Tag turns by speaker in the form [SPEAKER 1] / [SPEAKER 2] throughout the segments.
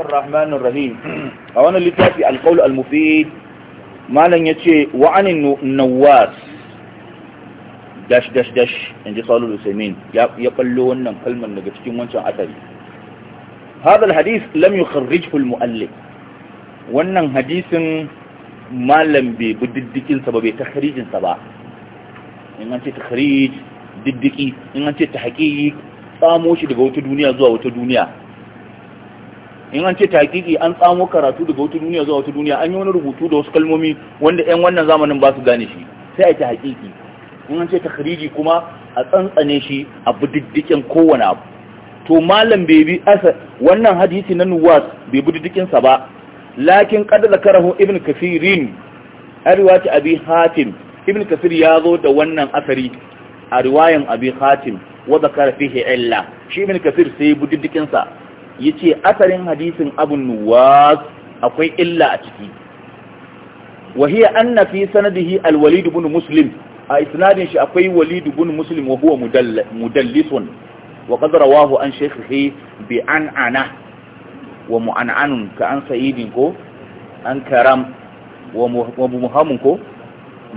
[SPEAKER 1] الرحمن الرحيم وانا لتافي القول المفيد ما لن يتشي وعن النواس dash ya kallo wannan kalmar daga cikin wancan asali hadal hadis lam yukharrijhu almuallif wannan hadisin malam bai bi diddikin ba bai takhrijin sa ba in an ce takhrij diddiki in an ce shi daga wata duniya zuwa wata duniya in an ce takiki an tsamo karatu daga wata duniya zuwa wata duniya an yi wani rubutu da wasu kalmomi wanda 'yan wannan zamanin ba su gane shi sai a ta hakiki in an ce takhriji kuma a tsantsane shi a bididdikin kowane abu to malam bai bi asa wannan hadisi na nuwas bai bididdikin sa ba lakin da zakarahu ibn kafirin a ta abi hatim ibn kafir ya zo da wannan asari a riwayan abi hatim wa zakara fihi illa shi ibn kafir sai bididdikin sa ya ce asalin hadisin abun nuwas akwai illa a ciki wahiya an na fi sanadihi alwalid bin muslim a isnadin shi akwai walid ibn muslim wa huwa mudallisun wa qad rawahu an shaykhihi bi an ana wa mu'an'anun ka an sa'idin ko an karam wa muhammun ko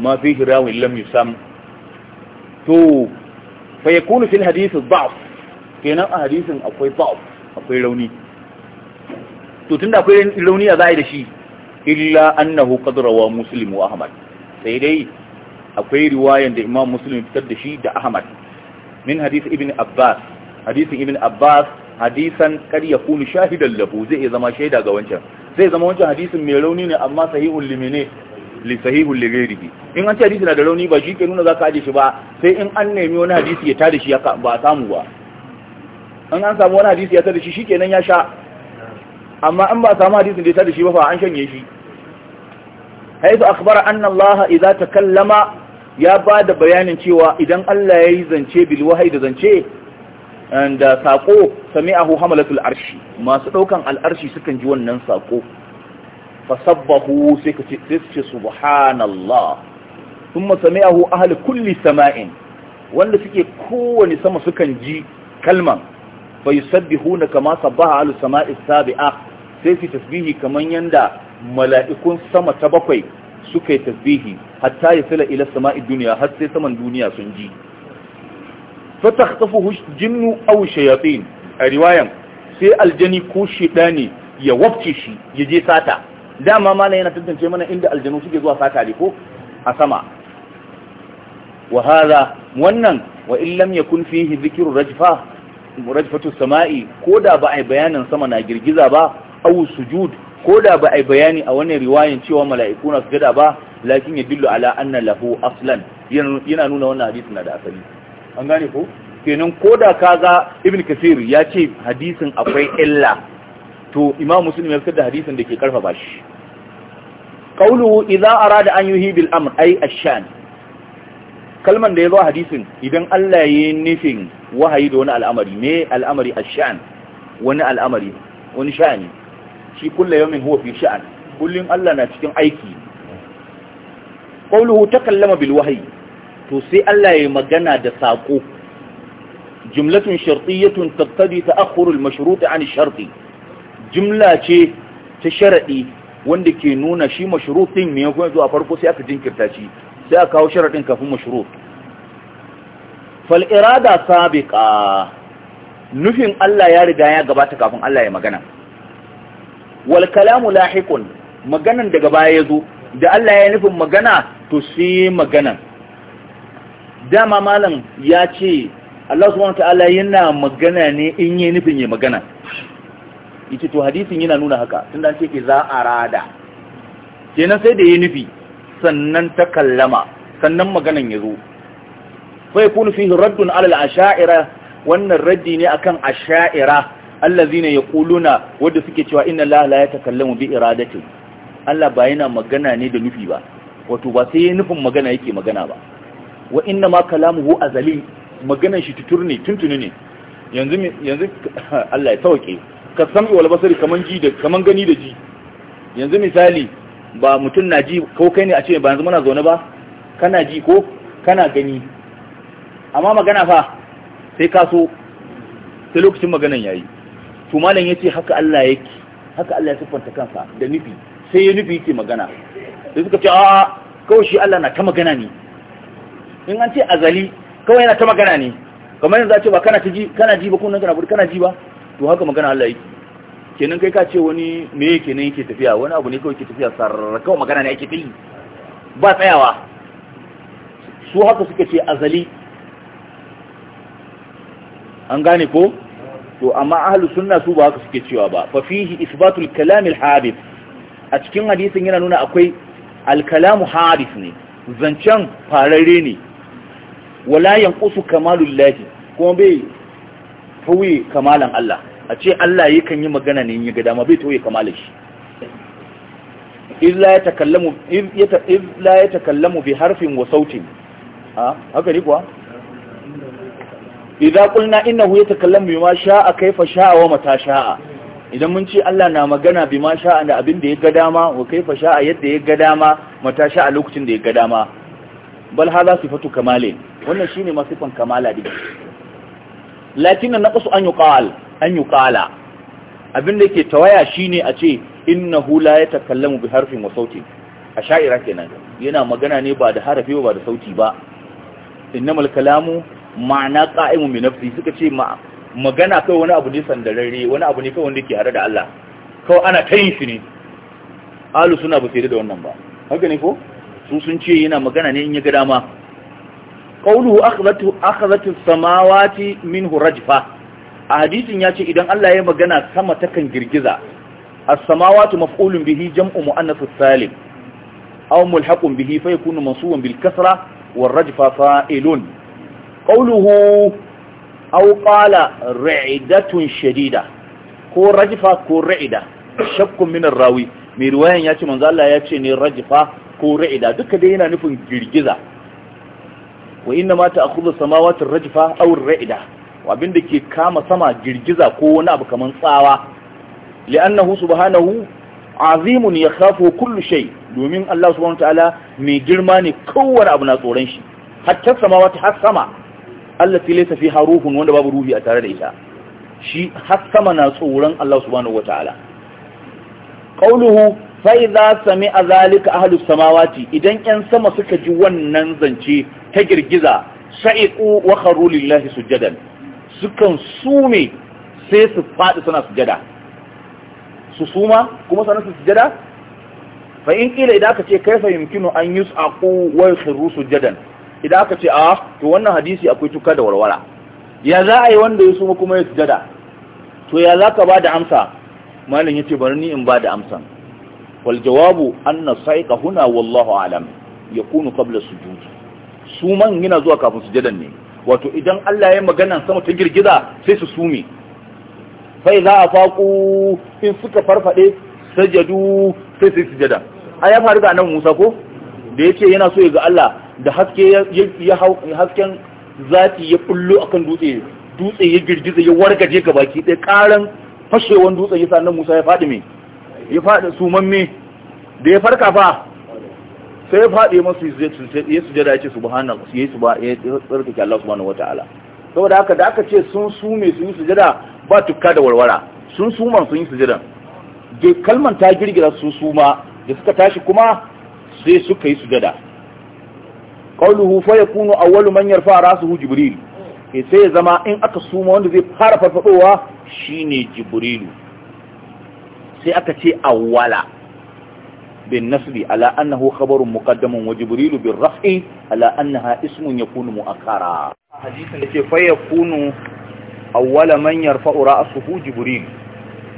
[SPEAKER 1] ma fi hirawin lam yusam to fa yakunu fil hadith dha'f kenan a hadisin akwai dha'f akwai rauni to tunda akwai rauni a za'i da shi illa annahu qad rawa muslim wa ahmad sai dai akwai riwayan da imam muslim fitar da shi da ahmad min hadith ibn abbas hadith ibn abbas hadisan kar ya kunu shahidan labu zai zama shaida ga wancan zai zama wancan hadisin mai rauni ne amma sahihul limine li sahihul lighairihi in an ce hadisi na da rauni ba shi ke nuna zaka aje shi ba sai in an nemi wani hadisi ya tada shi ba samu ba in an samu wani hadisi ya tada shi shikenan ya sha amma an ba a samu hadisin da ya tada shi ba fa an shanye shi haifu akbara anna Allah idza takallama ya ba da bayanin cewa idan Allah ya yi zance bil wahayi da zance And uh, saƙo sami'ahu hamalatul arshi masu ɗaukan al'arshi sukan ji wannan saƙo fasabbahu sai ka ce subhanallah thumma sami'ahu ahli kulli sama'in wanda suke kowane sama sukan ji kalman fayusabbihuna kama sabaha alu sama'i sabi'a sai su tasbihi kamar yanda mala'ikun sama ta bakwai suka yi tasbihi hatta ya sila ila sama'i duniya har sai saman duniya sun ji fatakhtafu jinnu aw shayatin a riwayan sai aljani ko ne ya wafce shi ya je sata dama mana yana tantance mana inda aljanu suke zuwa sata ne ko a sama wa hada wannan wa in lam yakun fihi dhikru rajfa murajfatu sama'i ko da ba a yi bayanin sama na girgiza ba awu sujud ko ba a yi bayani a wannan riwayan cewa mala'iku na sujada ba lakin ya dillu ala anna lahu aslan yana nuna wannan hadisi na da asali an gane ko kenan ko da kaga ibn kasir ya ce hadisin akwai illa to imam muslim ya fitar da hadisin da ke karfafa shi qawluhu idza arada an yuhi bil amr ay ash-shan kalman da ya zo a hadisin idan Allah ya yi nufin wahayi da wani al'amari me al'amari a sha'an wani al'amari wani sha'ani shi kulla yawmin huwa fi sha'an kullum Allah na cikin aiki ta kallama bil wahayi to sai Allah ya magana da sako jimlatin shartiyyatun taqtadi ta al mashrut 'an sharti jumla ce ta sharaɗi wanda ke nuna shi mashrutin me ya kuma zuwa farko sai aka jinkirta shi sai a kawo sharaɗin kafin mashuru fal'irada sabiƙa nufin Allah ya riga ya gabata kafin Allah ya magana wal kalamu lahiqun maganan daga baya ya zo, da Allah ya nufin magana to sai maganan dama malam ya ce Allah subhanahu ta'ala, yana magana ne in yi nufin ya magana yace to hadisin yana nuna haka tunda an ce ke za arada kenan sai da yi nufi sannan ta kallama sannan maganan ya zo fai kunu fi raddun alal asha'ira wannan raddi ne akan asha'ira allazina yaquluna wanda suke cewa inna allaha la yatakallamu bi iradati Allah ba yana magana ne da nufi ba wato ba sai nufin magana yake magana ba wa inna ma kalamuhu azali maganan shi tuturne tuntuni ne yanzu yanzu Allah ya sauke ka sami wal basari kaman ji da kaman gani da ji yanzu misali ba mutum na ji ko kai ne a ce ba yanzu muna zaune ba kana ji ko kana gani amma magana fa sai ka so sai lokacin maganan ya yi. to malam ce haka Allah ki haka Allah ya siffanta kansa da nufi sai ya nufi yake magana Da suka ce a kawai shi Allah na ta magana ne in an ce azali kawai yana ta magana ne kamar yanzu a ce ba kana ji kana ji ba kunan kana kana ji ba to haka magana Allah ki kenan kai ka ce wani me nan yake tafiya wani abu ne kawai yake tafiya sarrakawa magana ne yake fili ba tsayawa su haka suka ce azali an gane ko to amma ahlus sunna su ba haka suke cewa ba fa fihi isbatul kalam al hadith a cikin hadisin yana nuna akwai al kalam hadith ne zancen fararre ne wala yanqusu kamalullahi kuma bai fawi kamalan Allah a ce Allah yakan yi magana ne in ya ga dama bai toye kamalar shi illa ya takallamu bi harfin wa sautin haka ne kuwa idza qulna innahu bi bima sha'a kaifa sha'a wa mata sha'a idan mun ce Allah na magana bima sha'a da abin da ya ga dama wa kaifa sha'a yadda ya ga dama mata sha'a lokacin da ya ga dama bal hadha sifatu kamale wannan shine ne sifan kamala din lakin na ƙasu an yuqal an yuqala abin da yake tawaya shine a ce hula ya takalla mu bi harfin wa sautin ashaira kenan yana magana ne ba da harafi ba da sauti ba Inna kalamu ma'ana ƙa'imu mai nafsi suka ce magana kai wani abu ne sandarare wani abu ne kai wanda ke hare da Allah kawai ana yin shi ne alu suna ba sai da wannan ba haka ne ko su sun ce yana magana ne in ya ga dama qawluhu akhadhatu akhadhatu samawati minhu rajfa a hadisin yace idan Allah ya magana sama takan girgiza as-samawati maf'ulun bihi jam'u muannath salim aw mulhaqun bihi fa yakunu mansuban bil kasra wal rajfa fa'ilun qawluhu aw qala ra'idatun shadida ko rajfa ko ra'ida shakkun min rawi mai riwayan yace manzo Allah yace ne rajfa ko ra'ida duka dai yana nufin girgiza wa inna ma ta'khudhu samawati rajfa aw ar-ra'ida abinda ke kama sama girgiza ko wani abu kaman tsawa li'annahu subhanahu azimun yakhafu kullu shay domin Allah subhanahu wataala mai girma ne kowane abu na tsoron shi hatta samawati har sama allati laysa fiha ruhun wanda babu ruhi a tare da ita shi har sama na tsoron Allah subhanahu wataala qauluhu fa idza sami'a zalika ahlus samawati idan yan sama suka ji wannan zance ta girgiza sha'iqu wa kharu lillahi sujadan sukan sume sai su faɗi suna sujada su suma kuma sanan su sujada fa in idan aka ce kai yumkinu an yus'aqu wa yakhiru sujadan idan aka ce a ah, to wannan hadisi akwai tuka da warwara ya za a yi wanda ya suma kuma ya sujada to ya za ka ba da amsa malin ya ce bari ni in ba da amsan wal jawabu sai ka huna wallahu alam kabla su sujudi su man yana zuwa kafin su sujadan ne wato idan Allah ya magana sama ta girgiza sai su sumi fai za a faƙo in suka farfaɗe sajadu sai su sujada a ya faru da nan musa ko da ya yana so ya ga Allah da hasken zati ya bullo akan dutse dutse ya girgiza ya wargaje ga baki ɗaya ƙaran fashewan dutse ya sa nan musa ya faɗi me ya faɗi suman me da ya farka fa sai ya faɗi masu ya sujada ya ce subhanallah ya tsarkake Allah subhanahu wata'ala saboda haka da aka ce sun sume sun yi sujada ba tukka da warwara sun suma sun yi sujada kalman ta girgira sun ma da suka tashi kuma sai suka yi sujada qauluhu fa yakunu awwalu man yarfa ra'suhu jibril ke sai ya zama in aka suma wanda zai fara farfadowa shine jibrilu sai aka ce awwala بالنصب على أنه خبر مقدم وجبريل بالرفع على أنها اسم يكون مؤخرا حديث التي فيكون أول من يرفع رأسه جبريل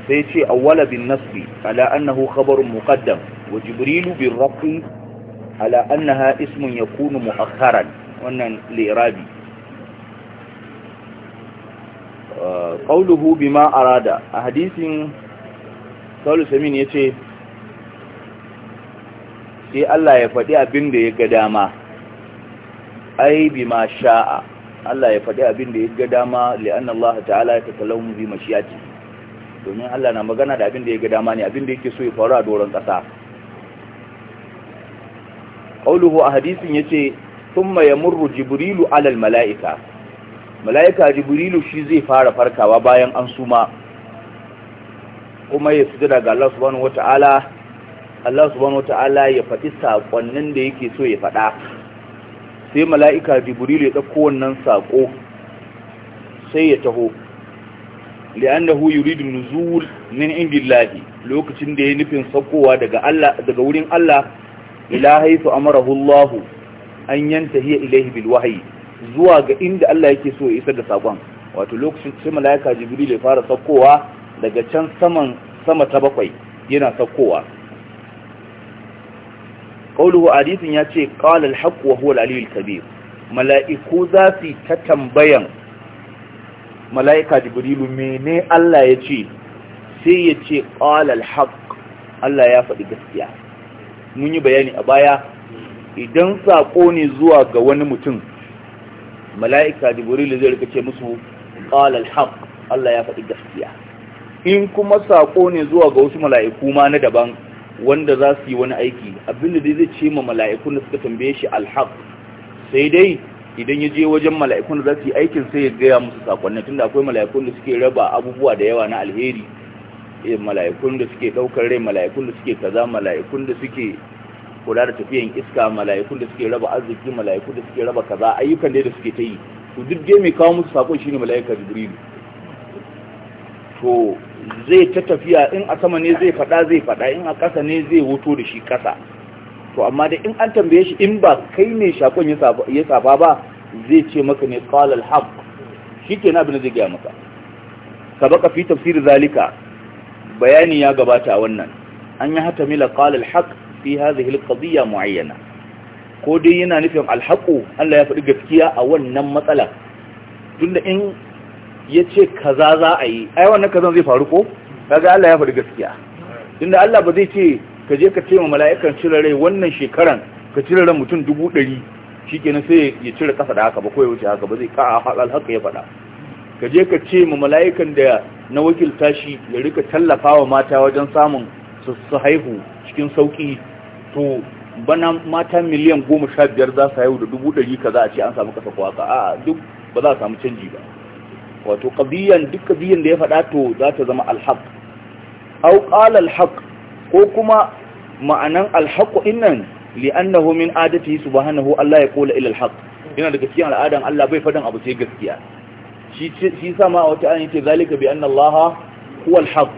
[SPEAKER 1] سيتي أول بالنصب على أنه خبر مقدم وجبريل بالرفع على أنها اسم يكون مؤخرا وأن لإرابي قوله بما أراد حديث قول سمين يتي sai Allah ya faɗi abin da ya ga dama ai bi ma sha'a Allah ya faɗi abin da ya ga dama li'anna Allah ta'ala ya takallamu bi mashiyati domin Allah na magana da abin da ya ga dama ne abin da yake so ya faru a doron ƙasa qauluhu a hadisin yace thumma yamurru jibrilu alal mala'ika mala'ika jibrilu shi zai fara farkawa bayan an suma kuma ya sujada ga Allah subhanahu wata'ala Allah subhanahu wata'ala ya faɗi saƙonnin da yake so ya faɗa sai mala'ika da ya ɗauko wannan saƙo sai ya taho li'annahu yuridu nuzul min lahi lokacin da ya nufin saƙowa daga wurin Allah ila haythu amarahu Allah an yanta ilayhi ilahi bilwahi zuwa ga inda Allah yake so ya isa da sakon wato lokacin sai malaika jibril ya fara saukowa daga can sama ta bakwai yana saukowa qawluhu hadithin yace qala al-haqq wa huwa al-aliyyul kabir mala'iku za su ta tambayan mala'ika jibrilu mene Allah ya ce sai ya ce ƙalal haƙ Allah ya faɗi gaskiya mun yi bayani a baya idan saƙo ne zuwa ga wani mutum mala'ika jibrilu zai rika ce musu ƙalal haƙ Allah ya faɗi gaskiya in kuma saƙo ne zuwa ga wasu mala'iku ma na daban wanda za su yi wani aiki abinda dai zai ce ma mala'ikun da suka tambaye shi alhaf sai dai idan ya je wajen mala'ikun da za su yi aikin sai ya gaya musu sakonnin da akwai mala'ikun da suke raba abubuwa da yawa na alheri eh, mala'ikun da suke daukar rai mala'ikun da suke kaza mala'ikun da suke kula da tafiyan iska mala'ikun da suke raba arziki mala'ikun da suke raba kaza ayyukan da suke ta yi to duk dai mai kawo musu sakon ne mala'ika jibrilu to zai ta tafiya in a sama ne zai fada zai fada in a ƙasa ne zai wuto da shi kasa to amma da in an tambaye shi in ba kai ne shakon ya safa ba zai ce maka ne shi ke na abin da zai gaya maka ka baka fi tafsir zalika bayani ya gabata a wannan an yi hata mila qalal haf fi hil alqadiyya muayyana ko dai yana nufin alhaku Allah ya faɗi gaskiya a wannan matsala tunda in ya ce kaza za a yi ai wannan kazan zai faru ko kaga Allah ya faru gaskiya inda Allah ba zai ce ka je ka ce ma mala'ikan cire rai wannan shekaran ka cire ran mutum dubu ɗari shikenan sai ya cire kasa da haka ba ko ya wuce haka ba zai a haƙal haka ya faɗa ka je ka ce ma mala'ikan da na wakilta shi ya rika tallafa wa mata wajen samun su haihu cikin sauki to bana mata miliyan goma sha biyar za su haihu da dubu ɗari kaza a ce an samu kasa kwaka a duk ba za a samu canji ba wato ƙabiyan duk qadiyan da ya faɗa to za ta zama alhaq aw qala ko kuma ma'anan alhaku innan li'annahu min adatihi subhanahu Allah ya kola ila alhaq yana daga cikin al'adan Allah bai faɗin abu sai gaskiya shi shi sama wata ayin ce zalika bi anna Allah huwa alhaq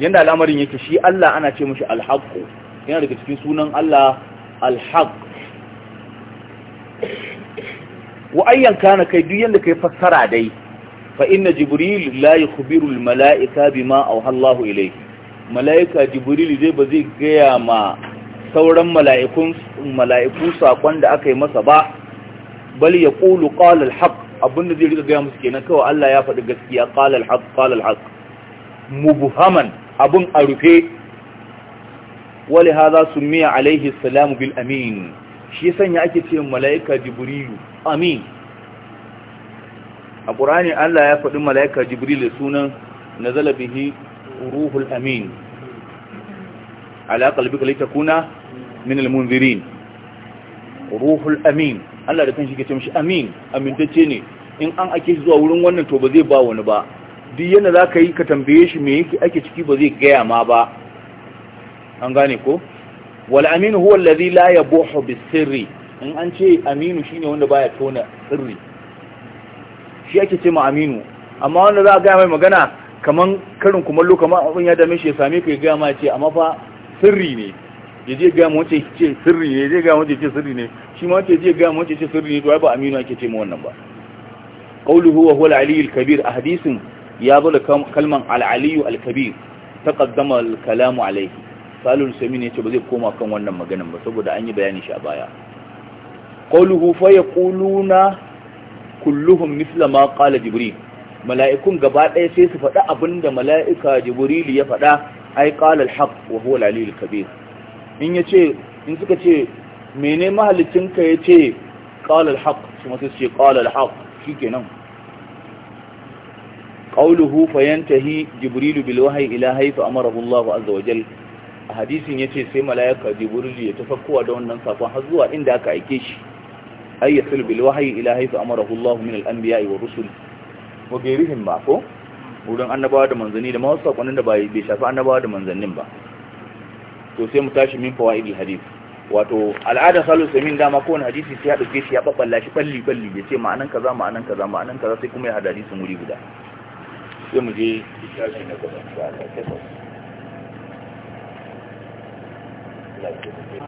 [SPEAKER 1] yanda al'amarin yake shi Allah ana ce mishi alhaku yana daga cikin sunan Allah alhaq wa ayyan kana kai duk yanda kai fassara dai fa inna jibril la yukhbiru al mala'ika bima awha Allahu ilayhi mala'ika jibril zai ba zai gaya ma sauran mala'ikun mala'iku sakon da aka yi masa ba bal yaqulu qala al haqq abinda zai riga gaya musu kenan kawai Allah ya faɗi gaskiya qala al haqq qala al haqq mubhaman abun a rufe wali haza miya alaihi salamu bil amin shi sanya ake ce mala'ika jibrilu amin a ƙorani Allah ya faɗi mala'ika jibril sunan na zalabihi ruhul amin alaƙa albika kalita kuna min almunzirin ruhul amin Allah da kanshi ke ce mishi amin amintacce ne in an ake zuwa wurin wannan to ba zai ba wani ba duk yana za ka yi ka tambaye shi me yake ake ciki ba zai gaya ma ba an gane ko wal aminu huwa allazi la yabuhu bisirri in an ce aminu shine wanda baya tona sirri shi ake ce ma aminu amma wanda za a gaya mai magana kaman karin kumallo kaman abin ya dame shi ya same ka ya gaya mai ce amma fa sirri ne ya je gaya wace ce sirri ne ya je gaya mu ce sirri ne shi ma wace je gaya mu ce sirri ne to ai ba aminu ake ce ma wannan ba qawluhu wa huwa al-ali al-kabir a hadisin ya zo kalman al-ali al-kabir taqaddama al-kalamu alayhi salul sami ne ce ba zai koma kan wannan maganan ba saboda an yi bayani shi a baya qawluhu fa yaquluna kulluhum misla ma qala jibril mala'ikun gaba ɗaya sai su fada abinda mala'ika jibril ya fada ai qala al-haq wa huwa al kabir in yace in suka ce mene mahalicinka yace qala al-haq kuma sai su ce qala al-haq shikenan qawluhu yantahi jibril bil wahyi ila haythu amarahu Allah azza wa jal hadisin yace sai mala'ika jibril ya tafakkuwa da wannan safon har zuwa inda aka aike shi أي يصل بالوحي إلى حيث أمره الله من الأنبياء والرسل وغيرهم ما ko wurin annabawa da manzanni da masu sakonin da bai shafi annabawa da manzannin ba to sai mu tashi min wato al'ada salu samin dama kowane hadisi sai ya dauke shi ya babballa shi balli balli ya ce ma'anan kaza ma'anan kaza ma'anan kaza sai kuma ya hada hadisin wuri guda sai mu je shafi na gaba